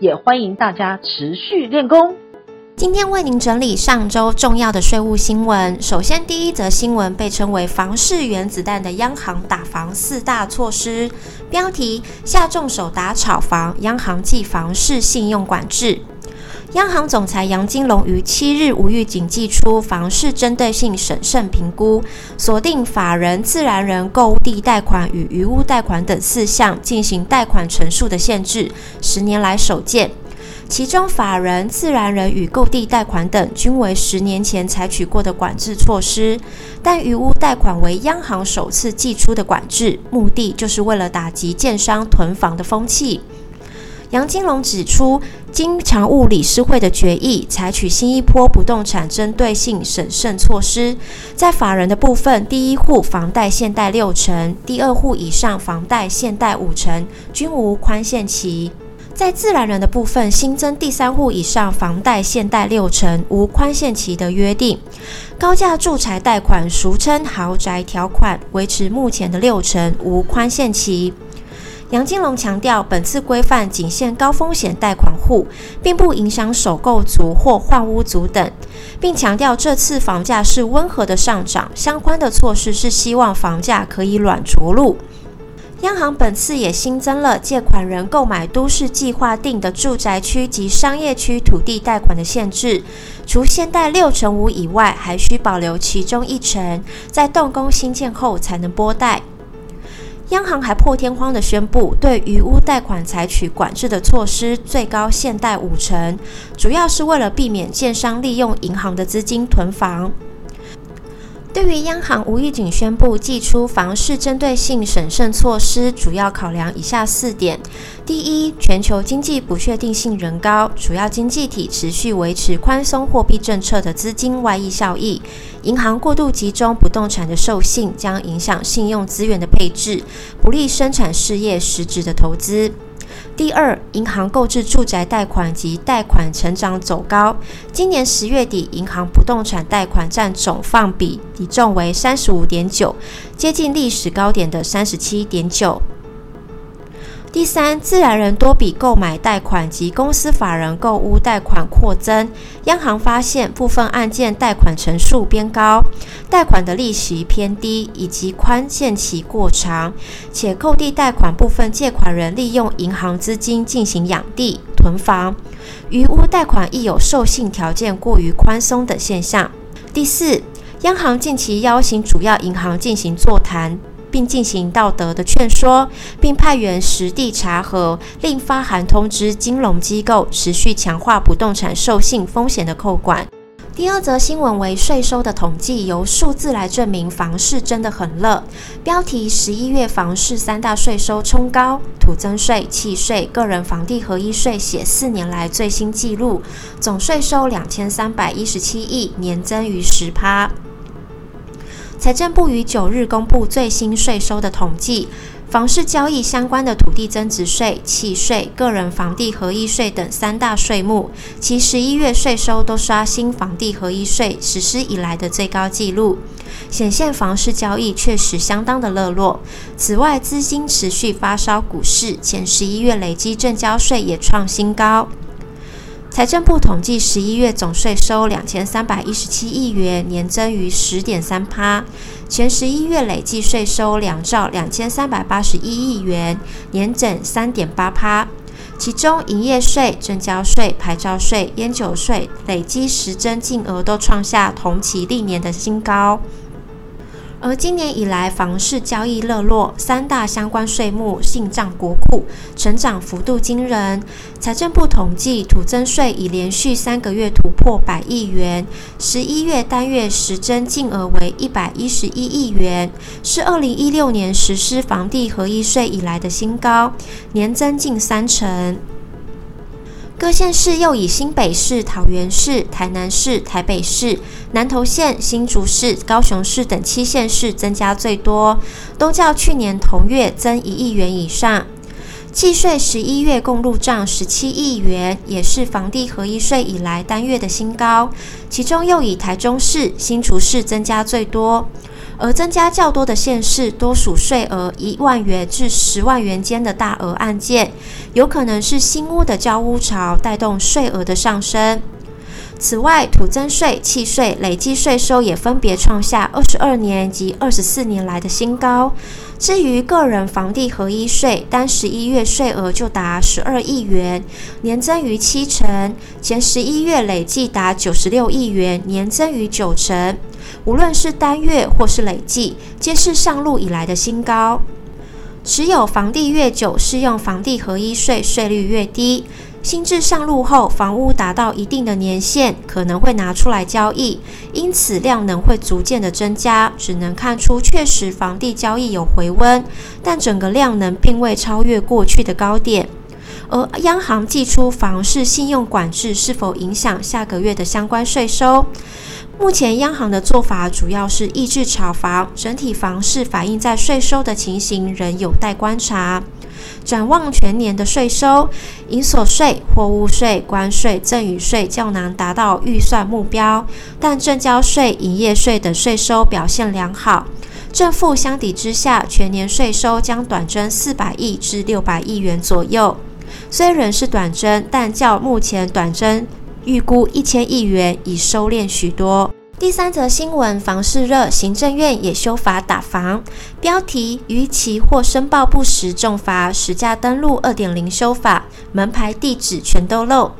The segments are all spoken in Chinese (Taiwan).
也歡迎大家持續練功。今天為您整理上周重要的稅務新聞。首先，第一則新聞被稱為“房市原子彈”的央行打房四大措施，標題：下重手打炒房，央行祭房市信用管制。央行總裁楊金龍於七日無預警祭出房市針對性審慎評估，鎖定法人、自然人、購地貸款與餘屋貸款等四項進行貸款成數的限制，十年來首見。其中法人、自然人與購地貸款等均為十年前採取過的管制措施，但餘屋貸款為央行首次祭出的管制，目的就是為了打擊建商囤房的風氣。楊金龍指出，經常務理事會的決議，採取新一波不動產針對性審慎措施。在法人的部分，第一戶房貸限貸六成，第二戶以上房貸限貸五成，均無寬限期。在自然人的部分，新增第三戶以上房貸限貸六成，無寬限期的約定。高價住宅貸款（俗稱豪宅條款）維持目前的六成，無寬限期。楊金龍強調，本次規範僅限高風險貸款戶，並不影響首購族或換屋族等，並強調這次房價是溫和的上漲，相關的措施是希望房價可以軟着陸。央行本次也新增了借款人購買都市計劃定的住宅區及商業區土地貸款的限制，除限貸六成五以外，還需保留其中一成，在動工興建後才能撥貸。央行還破天荒地宣布，對餘屋貸款採取管制的措施，最高限貸五成，主要是為了避免建商利用銀行的資金囤房。對於央行無預警宣布祭出房市針對性審慎措施，主要考量以下四點：第一，全球經濟不確定性仍高，主要經濟體持續維持寬鬆貨幣政策的資金外溢效益；銀行過度集中不動產的授信將影響信用資源的配置，不利生產事業實質的投資。第二，銀行購置住宅貸款及貸款成長走高。今年十月底，銀行不動產貸款占總放比比重為三十五點九，接近歷史高點的三十七點九。第三，自然人多筆購買貸款及公司法人購屋貸款擴增，央行發現部分案件貸款成數偏高，貸款的利息偏低以及寬限期過長，且購地貸款部分借款人利用銀行資金進行養地囤房，餘屋貸款亦有授信條件過於寬鬆的現象。第四，央行近期邀請主要銀行進行座談。並進行道德的勸說，並派員實地查核，另發函通知金融機構持續強化不動產授信風險的扣管。第二則新聞為稅收的統計，由數字來證明房市真的很熱。標題：十一月房市三大稅收衝高，土增稅、契稅、個人房地合一稅寫四年來最新紀錄，總稅收兩千三百一十七億，年增逾十趴。財政部於九日公布最新稅收的統計，房市交易相關的土地增值稅、契稅、個人房地合一稅等三大稅目，其十一月稅收都刷新房地合一稅實施以來的最高紀錄，顯現房市交易確實相當的熱絡。此外，資金持續發燒股市，前十一月累計證交稅也創新高。財政部統計，十一月總稅收兩千三百一十七億元，年增逾十點三趴；前十一月累計稅收兩兆兩千三百八十一億元，年增三點八趴。其中，營業稅、證交稅、牌照稅、菸酒稅累計實徵淨額都創下同期歷年的新高。而今年以來，房市交易熱絡，三大相關稅目進帳國庫，成長幅度驚人。財政部統計，土增稅已連續三個月突破百億元，十一月單月實徵淨額為一百一十一億元，是二零一六年實施房地合一稅以來的新高，年增近三成。各縣市又以新北市、桃園市、台南市、台北市、南投縣、新竹市、高雄市等七縣市增加最多，都較去年同月增一億元以上。契稅十一月共入賬十七億元，也是房地合一稅以來單月的新高，其中又以台中市、新竹市增加最多。而增加較多的縣市，多屬稅額一萬元至十萬元間的大額案件，有可能是新屋的交屋潮帶動稅額的上升。此外，土增稅、契稅、累計稅收也分別創下二十二年及二十四年來的新高。至於個人房地合一稅，單十一月稅額就達十二億元，年增逾七成；前十一月累計達九十六億元，年增逾九成。無論是單月或是累計，皆是上路以來的新高。持有房地越久，適用房地合一稅稅率越低。新制上路後，房屋達到一定的年限，可能會拿出來交易，因此量能會逐漸的增加，只能看出確實房地交易有回溫，但整個量能並未超越過去的高點。而央行祭出房市信用管制，是否影響下個月的相關稅收？目前央行的做法主要是抑制炒房，整體房市反映在稅收的情形仍有待觀察。展望全年的稅收，營所稅、貨物稅、關稅、贈與稅較難達到預算目標，但證交稅、營業稅等稅收表現良好。正負相抵之下，全年稅收將短徵四百億至六百億元左右。雖仍是短徵，但較目前短徵預估一千億元已收斂許多。第三則新聞：房市熱，行政院也修法打房。標題：逾期或申報不實重罰，實價登錄2.0修法，門牌地址全都漏。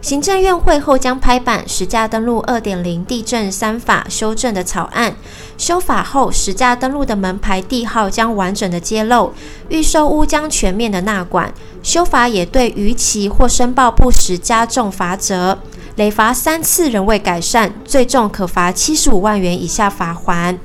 行政院會後將拍板實價登錄2.0地震三法修正的草案，修法後實價登錄的門牌地號將完整的揭露，預售屋將全面的納管。修法也對逾期或申報不實加重罰則。累罰三次仍未改善，最重可罰七十五萬元以下罰鍰。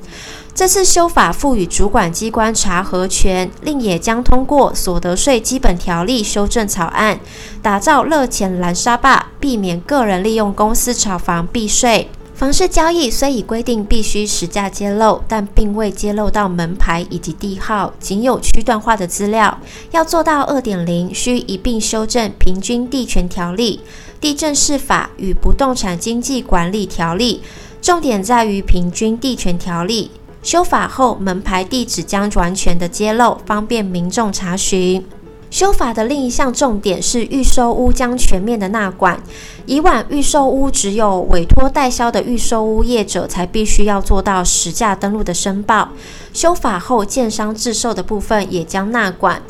這次修法賦予主管機關查核權，另也將通過所得稅基本條例修正草案，打造熱錢攔沙壩，避免個人利用公司炒房避稅。房市交易雖已規定必須實價揭露，但並未揭露到門牌以及地號，僅有區段化的資料。要做到二點零，需一併修正平均地權條例。《地政士法》與《不動產經紀管理條例》重點在於《平均地權條例》修法後，門牌地址將完全的揭露，方便民眾查詢。修法的另一項重點是預售屋將全面的納管。以往預售屋只有委托代銷的預售屋業者才必須要做到實價登錄的申報，修法後，建商自售的部分也將納管。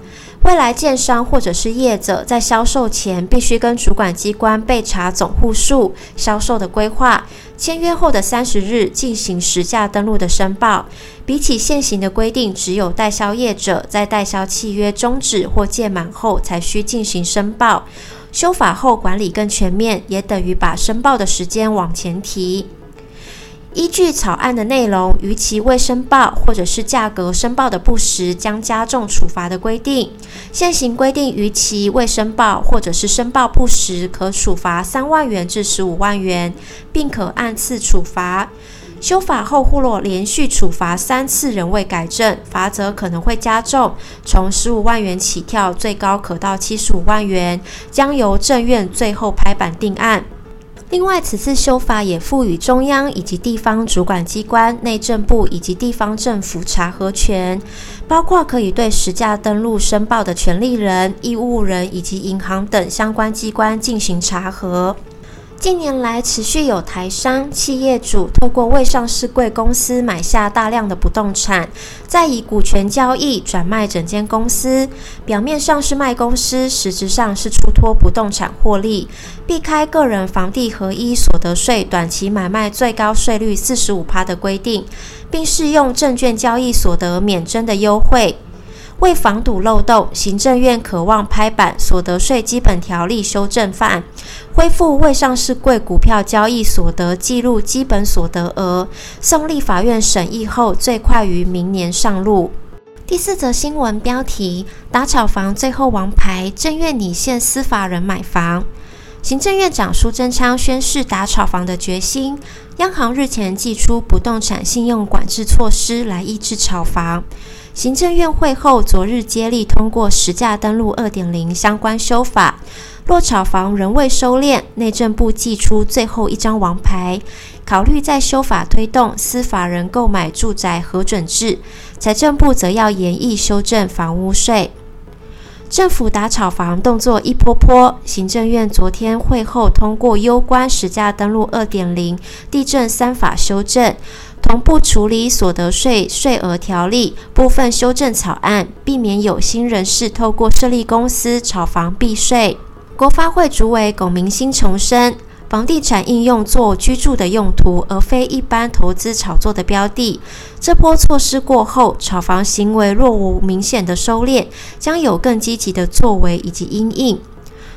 未來，建商或者是業者在銷售前必須跟主管機關備查總戶數、銷售的規劃，簽約後的三十日進行實價登錄的申報。比起現行的規定，只有代銷業者在代銷契約終止或屆滿後才需進行申報。修法後管理更全面，也等於把申報的時間往前提。依據草案的內容，逾期未申報或者是價格申報的不實，將加重處罰的規定，現行規定逾期未申報或者是申報不實可處罰三萬元至十五萬元，並可按次處罰。修法後，或若連續處罰三次仍未改正，罰則可能會加重，從十五萬元起跳，最高可到七十五萬元，將由政院最後拍板定案。另外，此次修法也賦予中央以及地方主管機關、內政部以及地方政府查核權，包括可以對實價登錄申報的權利人、義務人以及銀行等相關機關進行查核。近年來，持續有台商、企業主透過未上市櫃公司買下大量的不動產，再以股權交易轉賣整間公司。表面上是賣公司，實質上是出脫不動產獲利，避開個人房地合一所得稅短期買賣最高稅率四十五趴的規定，並適用證券交易所得免徵的優惠。為防堵漏洞，行政院可望拍板所得稅基本條例修正案，恢復未上市櫃股票交易所得計入基本所得額，送立法院審議後，最快於明年上路。第四則新聞標題：打炒房最後王牌，政院擬限私法人買房。行政院長蘇貞昌宣示打炒房的決心。央行日前祭出不動產信用管制措施，來抑制炒房。行政院會後，昨日接力通過實價登錄二點零相關修法。若炒房仍未收斂，內政部祭出最後一張王牌，考慮再修法推動司法人購買住宅核准制。財政部則要研議修正房屋稅。政府打炒房動作一波波，行政院昨天會後通過攸關實價登錄二點零地震三法修正，同步處理所得稅稅額條例部分修正草案，避免有心人士透過設立公司炒房避稅。國發會主委龔明鑫重申。房地產應用做居住的用途，而非一般投資炒作的標的。這波措施過後，炒房行為若無明顯的收斂，將有更積極的作為以及因應。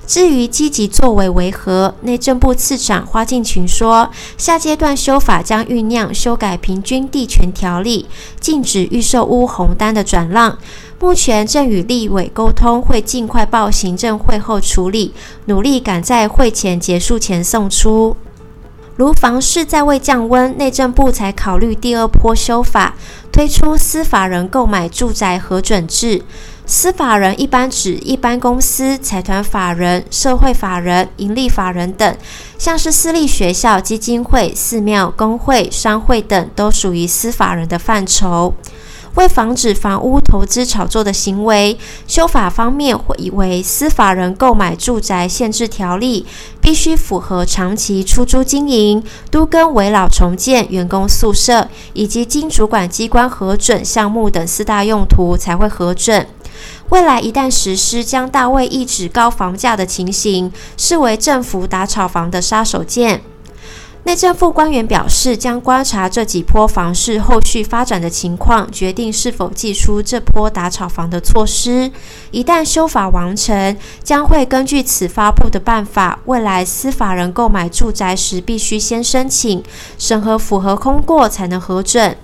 至於積極作為為何，內政部次長花敬群說，下階段修法將醞釀修改平均地權條例，禁止預售屋紅單的轉讓。目前正與立委溝通，會盡快報行政會後處理，努力趕在會前結束前送出。如房市在未降溫，內政部才考慮第二波修法，推出司法人購買住宅核准制。司法人一般指一般公司、財團法人、社會法人、營利法人等，像是私立學校、基金會、寺廟、工會、商會等，都屬於司法人的範疇。為防止房屋投資炒作的行為，修法方面會以為司法人購買住宅限制條例，必須符合長期出租經營、都更、危老重建、員工宿舍以及經主管機關核准項目等四大用途才會核准。未來一旦實施，將大為抑制高房價的情形，視為政府打炒房的殺手鐧。內政部官員表示，將觀察這幾波房市後續發展的情況，決定是否祭出這波打炒房的措施。一旦修法完成，將會根據此發布的辦法，未來私法人購買住宅時必須先申請審核，符合通過才能核准。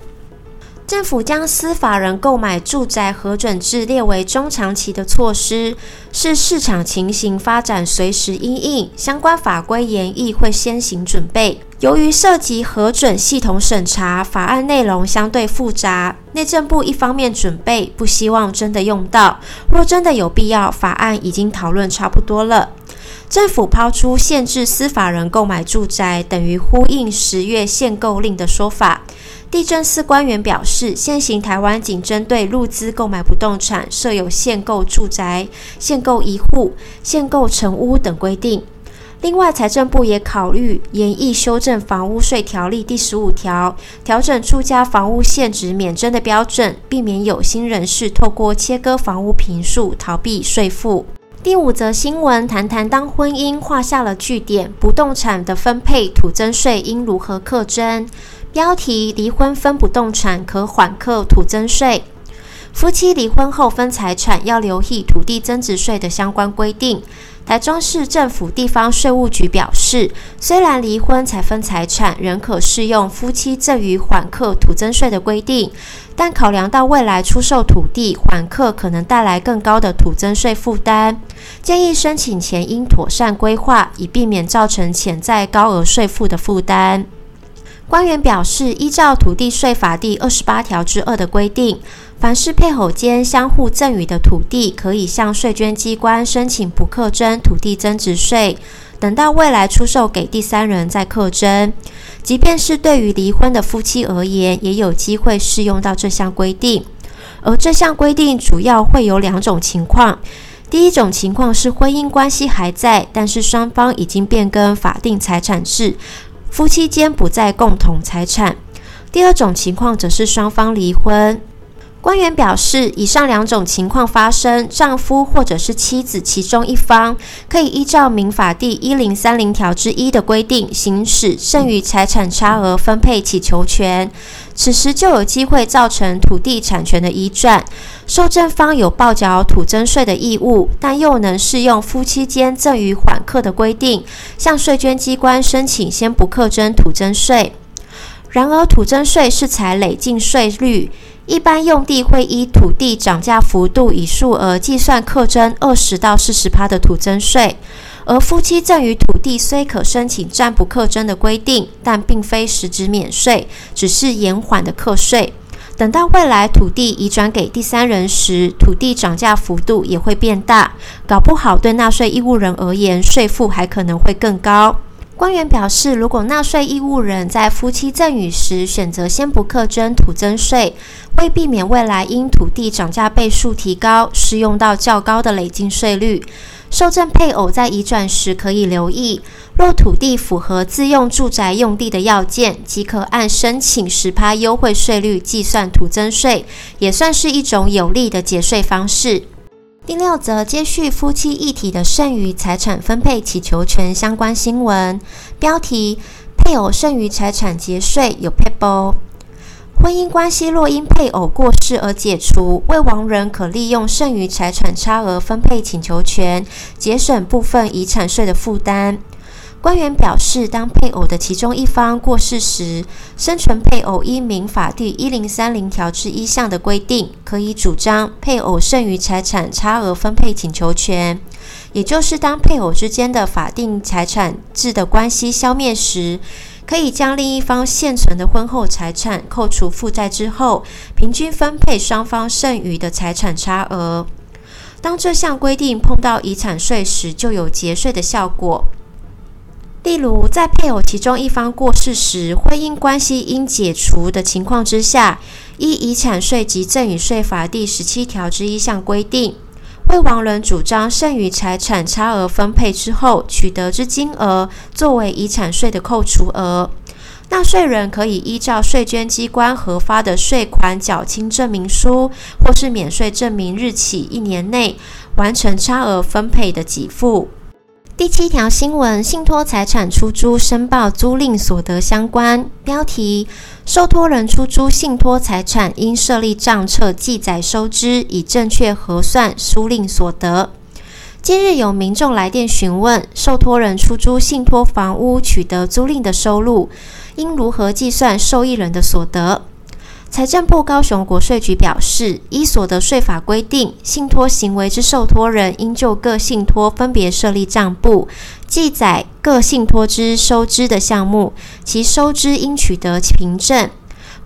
政府將私法人購買住宅核准制列為中長期的措施，是市場情形發展隨時因應，相關法規研議會先行準備。由於涉及核准系統審查，法案內容相對複雜，內政部一方面準備，不希望真的用到。若真的有必要，法案已經討論差不多了。政府拋出限制司法人購買住宅，等於呼應十月限購令的說法。地政司官員表示，現行台灣僅針對陸資購買不動產設有限購住宅、限購一戶、限購成屋等規定。另外，財政部也考慮研議修正房屋稅條例第十五條，調整住家房屋現值免徵的標準，避免有心人士透過切割房屋坪數逃避稅負。第五則新聞，談談當婚姻畫下了句點，不動產的分配、土增稅應如何課徵？標題：離婚分不動產可緩課土增稅。夫妻離婚後分財產，要留意土地增值稅的相關規定。台中市政府地方稅務局表示，雖然離婚才分財產仍可適用夫妻贈與緩課土增稅的規定，但考量到未來出售土地緩課可能帶來更高的土增稅負擔，建議申請前應妥善規劃，以避免造成潛在高額稅負的負擔。官員表示，依照土地稅法第二十八條之二的規定。凡是配偶間相互贈與的土地，可以向稅捐機關申請不課徵土地增值稅，等到未來出售給第三人再課徵。即便是對於離婚的夫妻而言，也有機會適用到這項規定。而這項規定主要會有兩種情況：第一種情況是婚姻關係還在，但是雙方已經變更法定財產制，夫妻間不再共同財產；第二種情況則是雙方離婚。官員表示，以上兩種情況發生，丈夫或者是妻子其中一方，可以依照民法第一零三零條之一的規定，行使剩餘財產差額分配請求權。此時就有機會造成土地產權的移轉，受贈方有報繳土增稅的義務，但又能適用夫妻間贈與緩課的規定，向稅捐機關申請先不課徵土增稅。然而，土增稅是採累進稅率。一般用地會依土地漲價幅度以數額計算課徵二十到四十趴的土增稅，而夫妻贈與土地雖可申請暫不課徵的規定，但並非實質免稅，只是延緩的課稅。等到未來土地移轉給第三人時，土地漲價幅度也會變大，搞不好對納稅義務人而言，稅負還可能會更高。官員表示，如果納稅義務人在夫妻贈與時選擇先不課徵土增稅，為避免未來因土地漲價倍數提高，適用到較高的累進稅率，受贈配偶在移轉時可以留意，若土地符合自用住宅用地的要件，即可按申請10%優惠稅率計算土增稅，也算是一種有利的節稅方式。第六則，接續夫妻一體的剩餘財產分配請求權相關新聞標題：配偶剩餘財產節稅有撇步。婚姻關係若因配偶過世而解除，未亡人可利用剩餘財產差額分配請求權，節省部分遺產稅的負擔。官員表示，當配偶的其中一方過世時，生存配偶依民法第一零三零條之一項的規定，可以主張配偶剩餘財產差額分配請求權。也就是，當配偶之間的法定財產制的關係消滅時，可以將另一方現存的婚後財產扣除負債之後，平均分配雙方剩餘的財產差額。當這項規定碰到遺產稅時，就有節稅的效果。例如，在配偶其中一方過世時，婚姻關係應解除的情況之下，依遺產稅及贈與稅法第十七條之一項規定，未亡人主張剩餘財產差額分配之後取得之金額，作為遺產稅的扣除額。納稅人可以依照稅捐機關核發的稅款繳清證明書或是免稅證明日起一年內，完成差額分配的給付。第七條新聞：信托財產出租申報租賃所得相關標題。受托人出租信托財產，應設立賬冊記載收支，以正確核算租賃所得。今日有民眾來電詢問，受托人出租信托房屋取得租賃的收入，應如何計算受益人的所得？財政部高雄國稅局表示，依所得稅法規定，信托行為之受托人應就各信托分別設立賬簿，記載各信托之收支的項目，其收支應取得其憑證。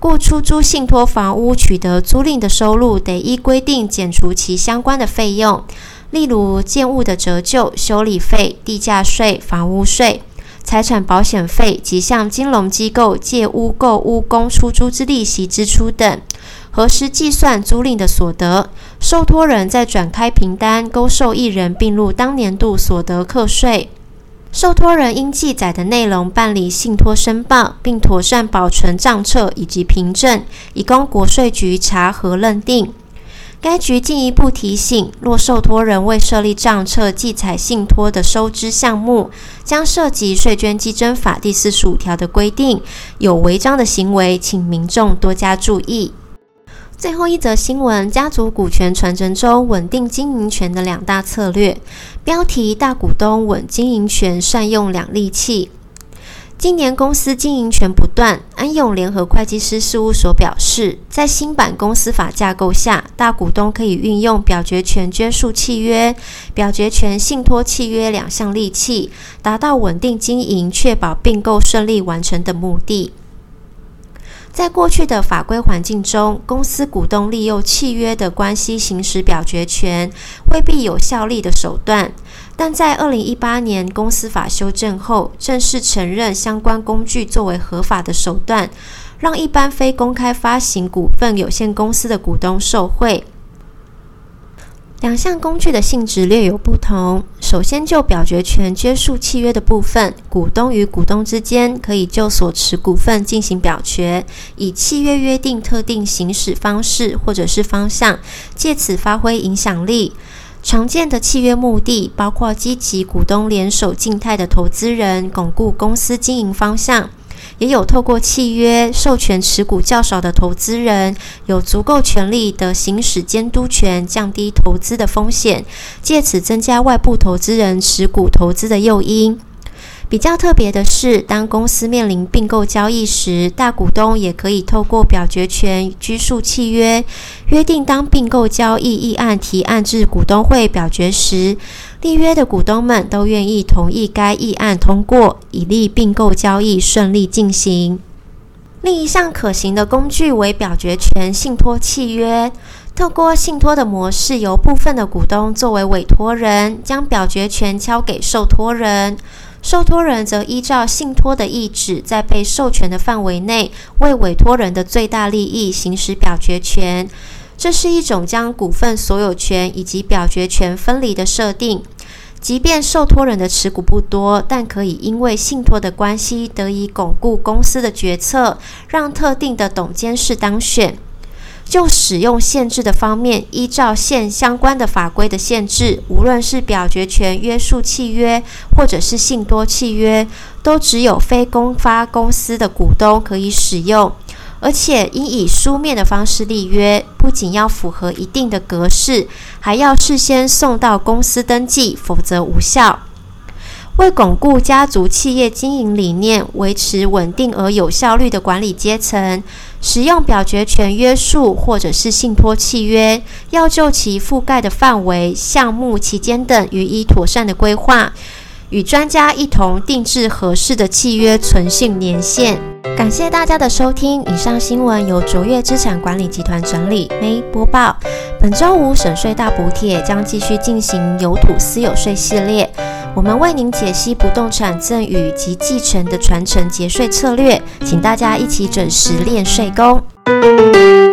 故出租信托房屋取得租賃的收入，得依規定減除其相關的費用，例如建物的折舊、修理費、地價稅、房屋稅。財產保險費及向金融機構借屋購屋、供出租之利息支出等，核實計算租賃的所得。受託人再轉開憑單勾受益人，併入當年度所得課稅。受託人應記載的內容辦理信托申報，並妥善保存賬冊以及憑證，以供國稅局查核認定。該局進一步提醒，若受託人未設立賬冊記載信託的收支項目，將涉及稅捐稽徵法第四十五條的規定，有違章的行為，請民眾多加注意。最後一則新聞：家族股權傳承中穩定經營權的兩大策略。標題：大股東穩經營權，善用兩利器。今年公司經營權不斷。安永聯合會計師事務所表示，在新版公司法架構下，大股東可以運用表決權拘束契約、表決權信託契約兩項利器，達到穩定經營、確保併購順利完成的目的。在過去的法規環境中，公司股東利用契約的關係行使表決權未必有效力的手段，但在二零一八年公司法修正後，正式承認相關工具作為合法的手段，讓一般非公開發行股份有限公司的股東受賄。兩項工具的性質略有不同。首先就表決權約束契約的部分，股東與股東之間可以就所持股份進行表決，以契約約定特定行使方式或者是方向，借此發揮影響力。常見的契約目的包括：積極股東聯手靜態的投資人，鞏固公司經營方向。也有透過契約授權持股較少的投資人有足夠權力的行使監督權，降低投資的風險，借此增加外部投資人持股投資的誘因。比較特別的是，當公司面臨併購交易時，大股東也可以透過表決權拘束契約，約定當併購交易議案提案至股東會表決時，締約的股東們都願意同意該議案通過，以利併購交易順利進行。另一項可行的工具為表決權信託契約。透過信託的模式，由部分的股東作為委託人，將表決權交給受託人，受託人則依照信託的意旨，在被授權的範圍內，為委託人的最大利益行使表決權。這是一種將股份所有權以及表決權分離的設定。即便受托人的持股不多，但可以因為信托的關係得以鞏固公司的決策，讓特定的董監事當選。就使用限制的方面，依照現相關的法規的限制，無論是表決權約束契約或者是信托契約，都只有非公發公司的股東可以使用。而且應以書面的方式立約，不僅要符合一定的格式，還要事先送到公司登記，否則無效。為鞏固家族企業經營理念，維持穩定而有效率的管理階層，使用表決權約束或者是信託契約，要就其覆蓋的範圍、項目、期間等予以妥善的規劃。與專家一同定製合適的契約存續年限。感謝大家的收聽，以上新聞由卓越資產管理集團整理，May 播報。本周五省稅大補帖將繼續進行有土私有稅系列，我們為您解析不動產贈與及繼承的傳承節稅策略，請大家一起準時練稅功。